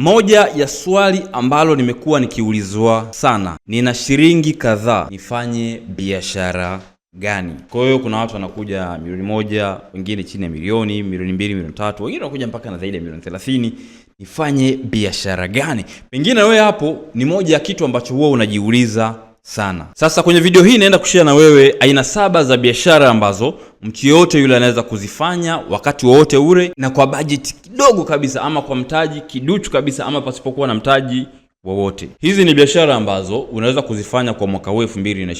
Moja ya swali ambalo nimekuwa nikiulizwa sana, nina shilingi kadhaa, nifanye biashara gani? Kwa hiyo kuna watu wanakuja milioni moja, wengine chini ya milioni, milioni mbili, milioni tatu, wengine wanakuja mpaka na zaidi ya milioni thelathini. Nifanye biashara gani? Pengine wewe hapo ni moja ya kitu ambacho huwa unajiuliza sana. Sasa kwenye video hii naenda kushia na wewe aina saba za biashara ambazo mtu yoyote yule anaweza kuzifanya wakati wowote ule na kwa bajeti kidogo kabisa, ama kwa mtaji kiduchu kabisa, ama pasipokuwa na mtaji wowote. Hizi ni biashara ambazo unaweza kuzifanya kwa mwaka huu mbili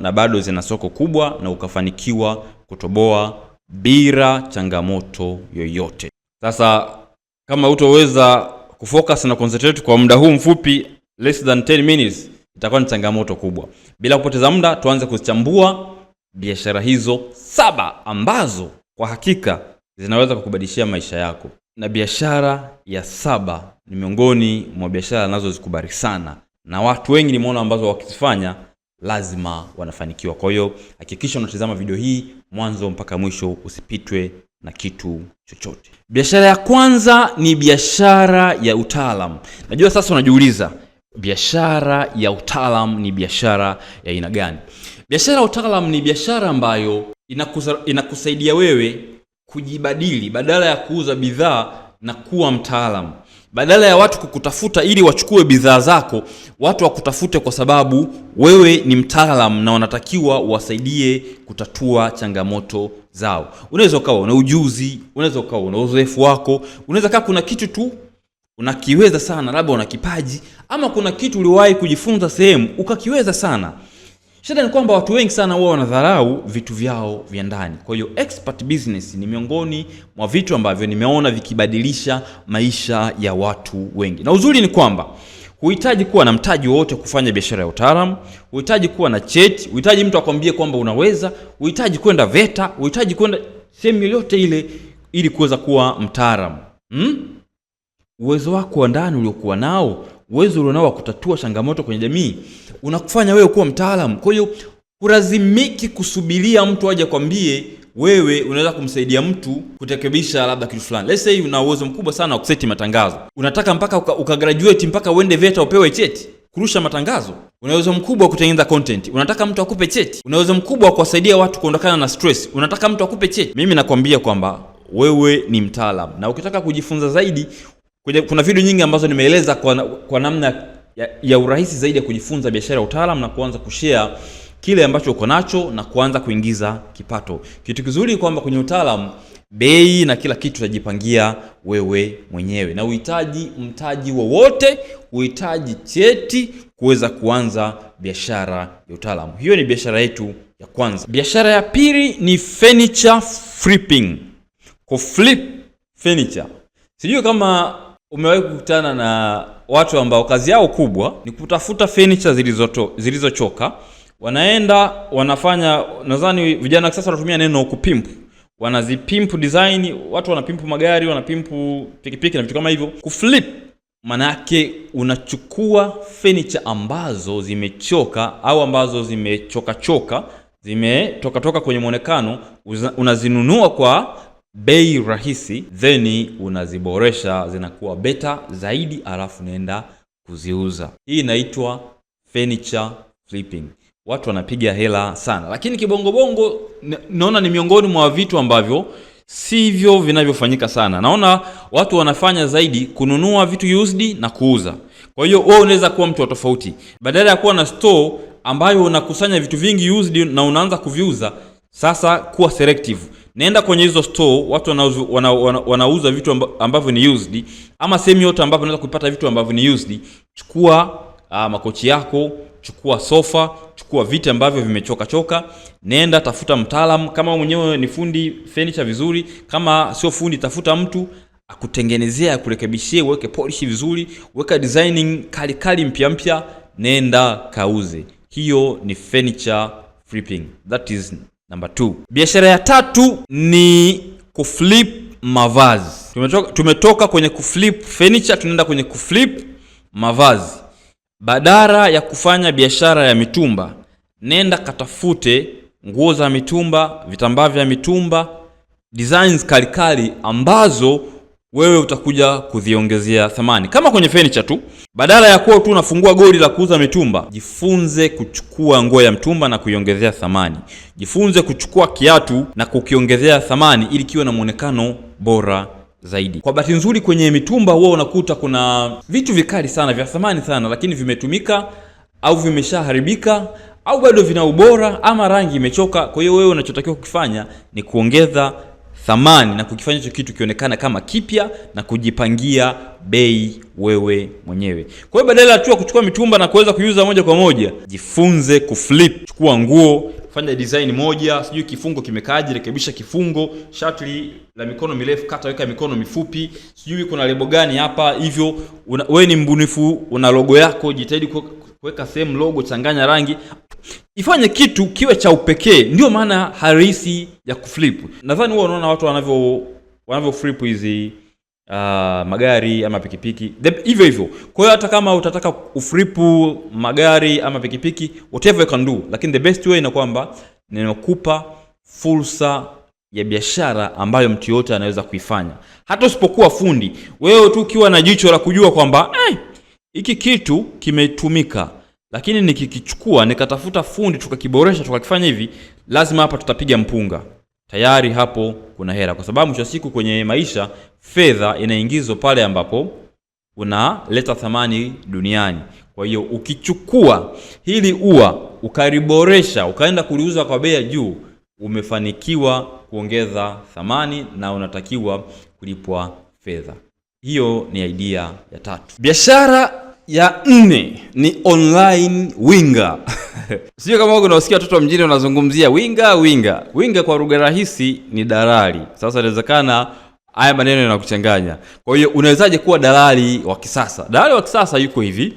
na bado zina soko kubwa na ukafanikiwa kutoboa bila changamoto yoyote. Sasa kama utoweza kufocus na concentrate kwa muda huu mfupi less than 10 minutes itakuwa ni changamoto kubwa. Bila kupoteza muda, tuanze kuzichambua biashara hizo saba ambazo kwa hakika zinaweza kukubadilishia maisha yako, na biashara ya saba ni miongoni mwa biashara anazozikubali sana na watu wengi nimeona ambazo wakizifanya lazima wanafanikiwa. Kwa hiyo hakikisha unatazama video hii mwanzo mpaka mwisho, usipitwe na kitu chochote. Biashara ya kwanza ni biashara ya utaalamu. Najua sasa unajiuliza biashara ya utaalam ni biashara ya aina gani? Biashara ya utaalam ni biashara ambayo inakusaidia wewe kujibadili badala ya kuuza bidhaa na kuwa mtaalam Badala ya watu kukutafuta ili wachukue bidhaa zako, watu wakutafute kwa sababu wewe ni mtaalam na wanatakiwa uwasaidie kutatua changamoto zao. Unaweza ukawa una ujuzi, unaweza ukawa una uzoefu wako, unaweza kaa kuna kitu tu unakiweza sana, labda una kipaji ama kuna kitu uliwahi kujifunza sehemu ukakiweza sana. Shida ni kwamba watu wengi sana huwa wanadharau vitu vyao vya ndani. Kwa hiyo expert business ni miongoni mwa vitu ambavyo nimeona vikibadilisha maisha ya watu wengi, na uzuri ni kwamba huhitaji kuwa na mtaji wowote kufanya biashara ya utaalamu, huhitaji kuwa na cheti, huhitaji mtu akwambie kwamba unaweza, huhitaji kwenda VETA, huhitaji kwenda sehemu yoyote ile ili kuweza kuwa mtaalamu hmm? uwezo wako wa ndani uliokuwa nao, uwezo ulionao wa kutatua changamoto kwenye jamii unakufanya wewe kuwa mtaalamu. Kwa hiyo hulazimiki kusubiria mtu aje kwambie wewe unaweza kumsaidia mtu kurekebisha labda kitu fulani. Let's say una uwezo mkubwa sana wa kuseti matangazo, unataka mpaka ukagraduate uka mpaka uende VETA upewe cheti kurusha matangazo. Una uwezo mkubwa wa kutengeneza content, unataka mtu akupe cheti. Una uwezo mkubwa wa kuwasaidia watu kuondokana na stress, unataka mtu akupe cheti. Mimi nakwambia kwamba wewe ni mtaalamu, na ukitaka kujifunza zaidi Kwenye, kuna video nyingi ambazo nimeeleza kwa, kwa namna ya, ya urahisi zaidi ya kujifunza biashara ya utaalamu na kuanza kushare kile ambacho uko nacho na kuanza kuingiza kipato. Kitu kizuri kwamba kwenye utaalamu bei na kila kitu utajipangia wewe mwenyewe, na uhitaji mtaji wowote, uhitaji cheti kuweza kuanza biashara ya utaalamu. Hiyo ni biashara yetu ya kwanza. Biashara ya pili ni furniture flipping, kuflip furniture. Sijui kama Umewahi kukutana na watu ambao kazi yao kubwa ni kutafuta furniture zilizoto zilizochoka, wanaenda wanafanya, nadhani vijana kisasa wanatumia neno kupimpu, wanazipimpu design, watu wanapimpu magari, wanapimpu pikipiki na vitu kama hivyo. Kuflip maana yake unachukua furniture ambazo zimechoka au ambazo zimechokachoka zimetoka toka kwenye mwonekano, unazinunua kwa bei rahisi, theni unaziboresha zinakuwa beta zaidi, alafu naenda kuziuza. Hii inaitwa furniture flipping. Watu wanapiga hela sana, lakini kibongobongo naona ni miongoni mwa vitu ambavyo sivyo vinavyofanyika sana. Naona watu wanafanya zaidi kununua vitu used na kuuza. Kwa hiyo wewe unaweza kuwa mtu wa tofauti, badala ya kuwa na store ambayo unakusanya vitu vingi used na unaanza kuviuza. Sasa kuwa selective. Naenda kwenye hizo store, watu wanauza wana, wana, wana vitu ambavyo ni used, ama sehemu yote ambapo unaweza kupata vitu ambavyo ni used. Chukua uh, makochi yako, chukua sofa, chukua viti ambavyo vimechoka choka, nenda tafuta mtaalam Kama mwenyewe ni fundi furniture vizuri, kama sio fundi, tafuta mtu akutengenezea, akurekebishie, uweke polish vizuri, weka designing kali kali mpya mpya, nenda kauze. Hiyo ni furniture flipping, that is Namba 2. Biashara ya tatu ni kuflip mavazi. Tumetoka, tumetoka kwenye kuflip furniture tunaenda kwenye kuflip mavazi. Badala ya kufanya biashara ya mitumba, nenda katafute nguo za mitumba, vitambaa vya mitumba, designs kalikali ambazo wewe utakuja kuziongezea thamani, kama kwenye fenicha tu. Badala ya kuwa tu unafungua goli la kuuza mitumba, jifunze kuchukua nguo ya mtumba na kuiongezea thamani. Jifunze kuchukua kiatu na kukiongezea thamani ili kiwe na mwonekano bora zaidi. Kwa bahati nzuri, kwenye mitumba huwa unakuta kuna vitu vikali sana vya thamani sana, lakini vimetumika au vimeshaharibika au bado vina ubora ama rangi imechoka. Kwa hiyo wewe unachotakiwa kukifanya ni kuongeza thamani na kukifanya hicho kitu kionekana kama kipya na kujipangia bei wewe mwenyewe. Kwa hiyo badala ya tu kuchukua mitumba na kuweza kuiuza moja kwa moja, jifunze kuflip. Chukua nguo, fanya design moja, sijui kifungo kimekaaje, rekebisha kifungo, shati la mikono mirefu kata, weka mikono mifupi, sijui kuna lebo gani hapa, hivyo wewe ni mbunifu, una logo yako, jitahidi weka sehemu logo, changanya rangi, ifanye kitu kiwe cha upekee. Ndio maana harisi ya kuflip. Nadhani huwa unaona watu wanavyo wanavyo flip hizi uh, magari ama pikipiki hivyo hivyo. Kwa hiyo hata kama utataka uflipu magari ama pikipiki, whatever you can do, lakini the best way ni kwamba ninakupa fursa ya biashara ambayo mtu yote anaweza kuifanya, hata usipokuwa fundi. Wewe tu ukiwa na jicho la kujua kwamba hey, eh, hiki kitu kimetumika, lakini nikikichukua nikatafuta fundi tukakiboresha tukakifanya hivi, lazima hapa tutapiga mpunga. Tayari hapo kuna hera, kwa sababu mwisho wa siku kwenye maisha fedha inaingizwa pale ambapo unaleta thamani duniani. Kwa hiyo ukichukua hili ua ukaliboresha ukaenda kuliuza kwa bei ya juu, umefanikiwa kuongeza thamani na unatakiwa kulipwa fedha. Hiyo ni idea ya tatu. Biashara ya nne ni online winga. Sio kama wewe unasikia watoto mjini wanazungumzia winga winga. Winga kwa lugha rahisi ni dalali. Sasa inawezekana haya maneno yanakuchanganya. Kwa hiyo unawezaje kuwa dalali wa kisasa? Dalali wa kisasa yuko hivi.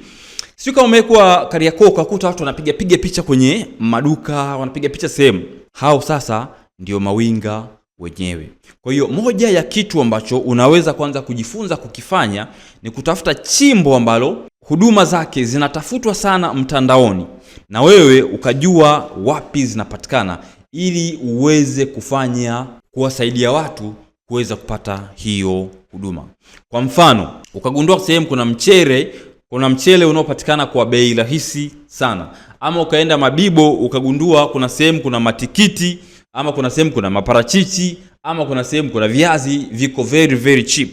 Sio kama umekuwa Kariakoo ukakuta watu wanapiga piga picha kwenye maduka, wanapiga picha sehemu. Hao sasa ndio mawinga wenyewe. Kwa hiyo moja ya kitu ambacho unaweza kwanza kujifunza kukifanya ni kutafuta chimbo ambalo huduma zake zinatafutwa sana mtandaoni, na wewe ukajua wapi zinapatikana, ili uweze kufanya kuwasaidia watu kuweza kupata hiyo huduma. Kwa mfano, ukagundua sehemu kuna mchere kuna mchele unaopatikana kwa bei rahisi sana, ama ukaenda Mabibo ukagundua kuna sehemu kuna matikiti, ama kuna sehemu kuna maparachichi, ama kuna sehemu kuna viazi viko very very cheap.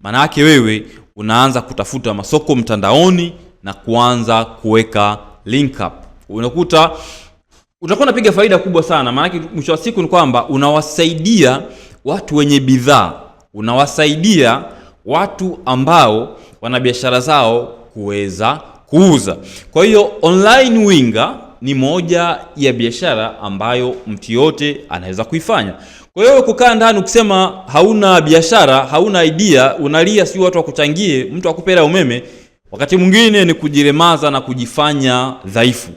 Maana yake wewe unaanza kutafuta masoko mtandaoni na kuanza kuweka link up. Unakuta utakuwa unapiga faida kubwa sana, maanake mwisho wa siku ni kwamba unawasaidia watu wenye bidhaa, unawasaidia watu ambao wana biashara zao kuweza kuuza. Kwa hiyo online winga ni moja ya biashara ambayo mtu yote anaweza kuifanya. Kwa hiyo kukaa ndani ukisema hauna biashara, hauna idea, unalia si watu wakuchangie, mtu akupe hela umeme, wakati mwingine ni kujilemaza na kujifanya dhaifu.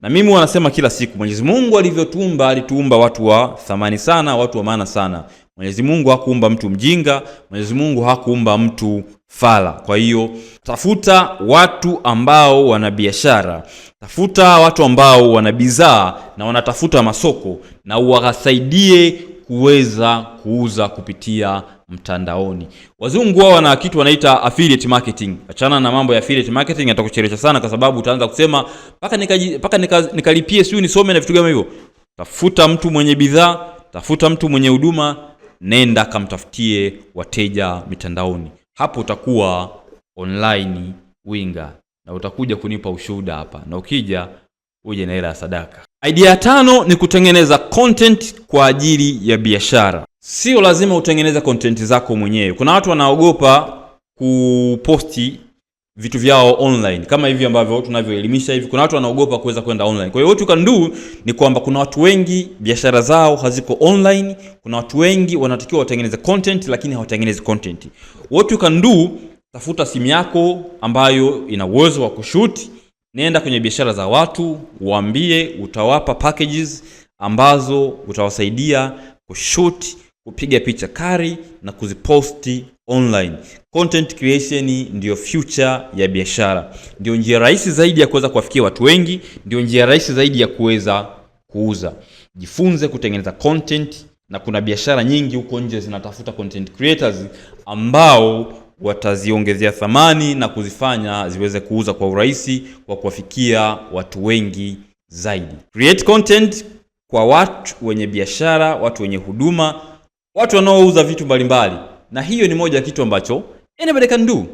Na mimi wanasema kila siku, Mwenyezi Mungu alivyotuumba alituumba watu wa thamani sana, watu wa maana sana. Mwenyezi Mungu hakuumba mtu mjinga, Mwenyezi Mungu hakuumba mtu fala. Kwa hiyo tafuta watu ambao wana biashara, tafuta watu ambao wana bidhaa na wanatafuta masoko, na uwasaidie kuweza kuuza kupitia mtandaoni. Wazungu wao wana kitu wanaita affiliate marketing. Achana na mambo ya affiliate marketing, atakuchelewesha sana, kwa sababu utaanza kusema paka nikalipie nika, nika, nisome na vitu kama hivyo. Tafuta mtu mwenye bidhaa, tafuta mtu mwenye huduma, nenda kamtafutie wateja mitandaoni. Hapo utakuwa online winga na utakuja kunipa ushuhuda hapa, na ukija uje na hela ya sadaka. Idea ya tano ni kutengeneza content kwa ajili ya biashara. Sio lazima utengeneze content zako mwenyewe. Kuna watu wanaogopa kuposti vitu vyao online kama hivi ambavyo tunavyoelimisha hivi. Kuna watu wanaogopa kuweza kwenda online. Kwa hiyo what you can do ni kwamba kuna watu wengi biashara zao haziko online. Kuna watu wengi wanatakiwa watengeneze content lakini hawatengenezi content. What you can do, tafuta simu yako ambayo ina uwezo wa kushuti Nenda kwenye biashara za watu, waambie utawapa packages ambazo utawasaidia kushoot, kupiga picha kari na kuziposti online. Content creation ndiyo future ya biashara, ndio njia rahisi zaidi ya kuweza kuwafikia watu wengi, ndio njia rahisi zaidi ya kuweza kuuza. Jifunze kutengeneza content, na kuna biashara nyingi huko nje zinatafuta content creators ambao wataziongezea thamani na kuzifanya ziweze kuuza kwa urahisi kwa kuwafikia watu wengi zaidi. Create content kwa watu wenye biashara, watu wenye huduma, watu wanaouza vitu mbalimbali, na hiyo ni moja ya kitu ambacho anybody can do.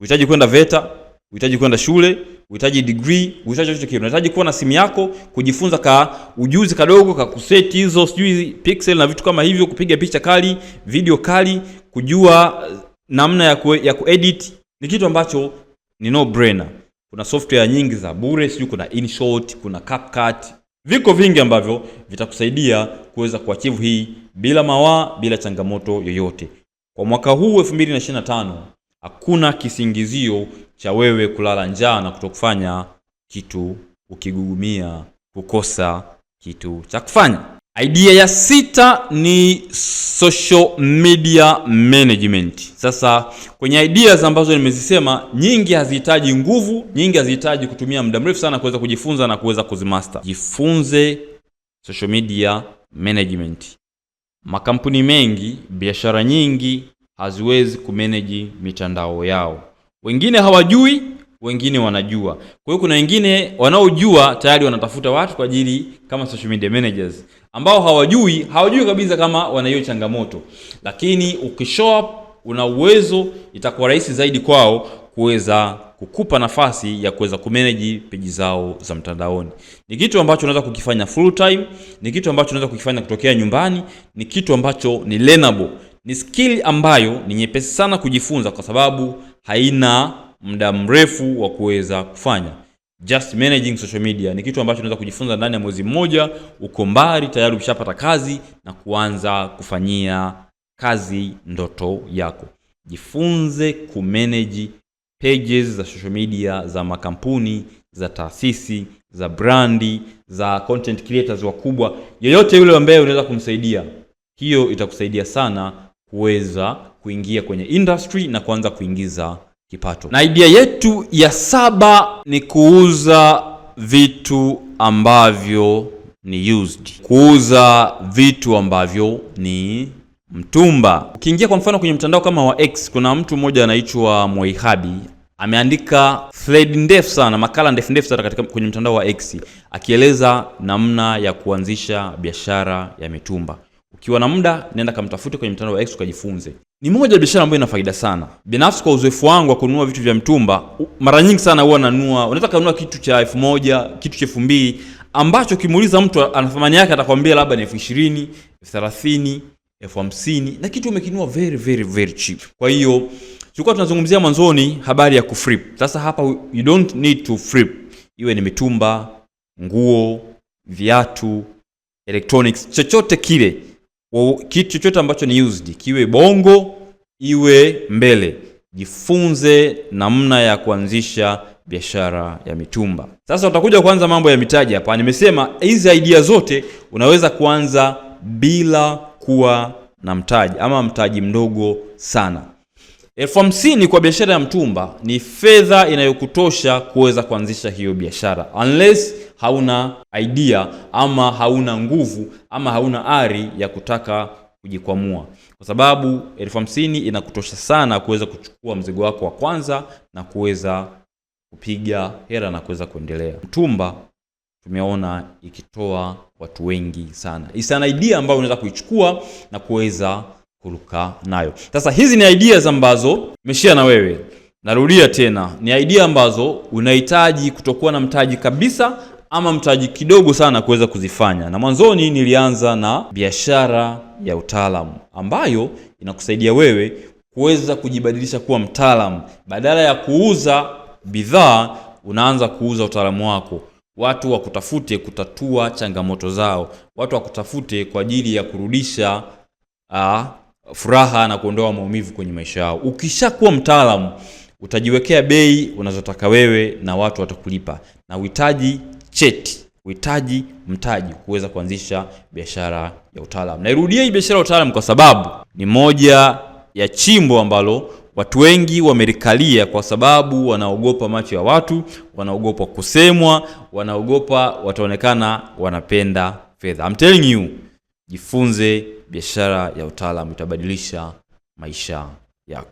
Uhitaji kwenda VETA, uhitaji kwenda shule, uhitaji degree, uhitaji chochote kile. Unahitaji kuwa na simu yako, kujifunza ka ujuzi kadogo ka kuseti hizo sijui pixel na vitu kama hivyo, kupiga picha kali, video kali, kujua namna ya, ku, ya kuedit ni kitu ambacho ni no brainer. Kuna software nyingi za bure, sijui kuna InShot, kuna CapCut, viko vingi ambavyo vitakusaidia kuweza kuachieve hii bila mawaa, bila changamoto yoyote. Kwa mwaka huu 2025 hakuna kisingizio cha wewe kulala njaa na kutokufanya kitu, ukigugumia kukosa kitu cha kufanya. Idea ya sita ni social media management. Sasa kwenye ideas ambazo nimezisema, nyingi hazihitaji nguvu, nyingi hazihitaji kutumia muda mrefu sana kuweza kujifunza na kuweza kuzimaster. Jifunze social media management. Makampuni mengi, biashara nyingi haziwezi kumanage mitandao yao. Wengine hawajui, wengine wanajua. Kwa hiyo kuna wengine wanaojua tayari wanatafuta watu kwa ajili kama social media managers ambao hawajui hawajui kabisa kama wana hiyo changamoto, lakini ukishow up una uwezo, itakuwa rahisi zaidi kwao kuweza kukupa nafasi ya kuweza kumeneji peji zao za mtandaoni. Ni kitu ambacho unaweza kukifanya full time, ni kitu ambacho unaweza kukifanya kutokea nyumbani, ni kitu ambacho ni learnable, ni skill ambayo ni nyepesi sana kujifunza kwa sababu haina muda mrefu wa kuweza kufanya. Just managing social media ni kitu ambacho unaweza kujifunza ndani ya mwezi mmoja. Uko mbali tayari, ushapata kazi na kuanza kufanyia kazi ndoto yako. Jifunze kumanage pages za social media za makampuni, za taasisi, za brandi, za content creators wakubwa, yoyote yule ambaye unaweza kumsaidia. Hiyo itakusaidia sana kuweza kuingia kwenye industry na kuanza kuingiza kipato. Na idea yetu ya saba ni kuuza vitu ambavyo ni used, kuuza vitu ambavyo ni mtumba. Ukiingia kwa mfano kwenye mtandao kama wa X, kuna mtu mmoja anaitwa mwaihabi ameandika thread ndefu sana, makala ndefu ndefu sana katika kwenye mtandao wa X akieleza namna ya kuanzisha biashara ya mitumba. Ukiwa na muda, nenda kamtafute kwenye mtandao wa X ukajifunze ni moja ya biashara ambayo ina faida sana. Binafsi kwa uzoefu wangu wa kununua vitu vya mtumba, mara nyingi sana huwa nanua unaweza kununua kitu cha elfu moja kitu cha elfu mbili ambacho kimuuliza mtu ana thamani yake atakwambia labda ni elfu ishirini elfu thelathini elfu hamsini na kitu umekinua very very very cheap. Kwa hiyo tulikuwa tunazungumzia mwanzoni habari ya kuflip. Sasa hapa you don't need to flip, iwe ni mitumba, nguo, viatu, electronics, chochote kile kitu chochote ambacho ni used, kiwe bongo iwe mbele, jifunze namna ya kuanzisha biashara ya mitumba. Sasa utakuja kuanza mambo ya mitaji hapa. Nimesema hizi idea zote unaweza kuanza bila kuwa na mtaji ama mtaji mdogo sana. Elfu hamsini kwa biashara ya mtumba ni fedha inayokutosha kuweza kuanzisha hiyo biashara, unless hauna idea ama hauna nguvu ama hauna ari ya kutaka kujikwamua, kwa sababu elfu hamsini inakutosha sana kuweza kuchukua mzigo wako wa kwanza na kuweza kupiga hera na kuweza kuendelea. Mtumba tumeona ikitoa watu wengi sana, isanaidia idea ambayo unaweza kuichukua na kuweza kuruka nayo. Sasa hizi ni ideas ambazo nimeshare na wewe. Narudia tena, ni idea ambazo unahitaji kutokuwa na mtaji kabisa ama mtaji kidogo sana kuweza kuzifanya. Na mwanzoni nilianza na biashara ya utaalamu ambayo inakusaidia wewe kuweza kujibadilisha kuwa mtaalamu. Badala ya kuuza bidhaa, unaanza kuuza utaalamu wako. Watu wakutafute kutatua changamoto zao, watu wakutafute kwa ajili ya kurudisha a, ah, furaha na kuondoa maumivu kwenye maisha yao. Ukishakuwa mtaalamu utajiwekea bei unazotaka wewe na watu watakulipa, na uhitaji cheti, uhitaji mtaji kuweza kuanzisha biashara ya utaalamu. Nairudia hii biashara ya utaalamu kwa sababu ni moja ya chimbo ambalo watu wengi wamelikalia kwa sababu wanaogopa macho ya watu, wanaogopa kusemwa, wanaogopa wataonekana wanapenda fedha. I'm telling you, jifunze biashara ya utaalamu itabadilisha maisha yako.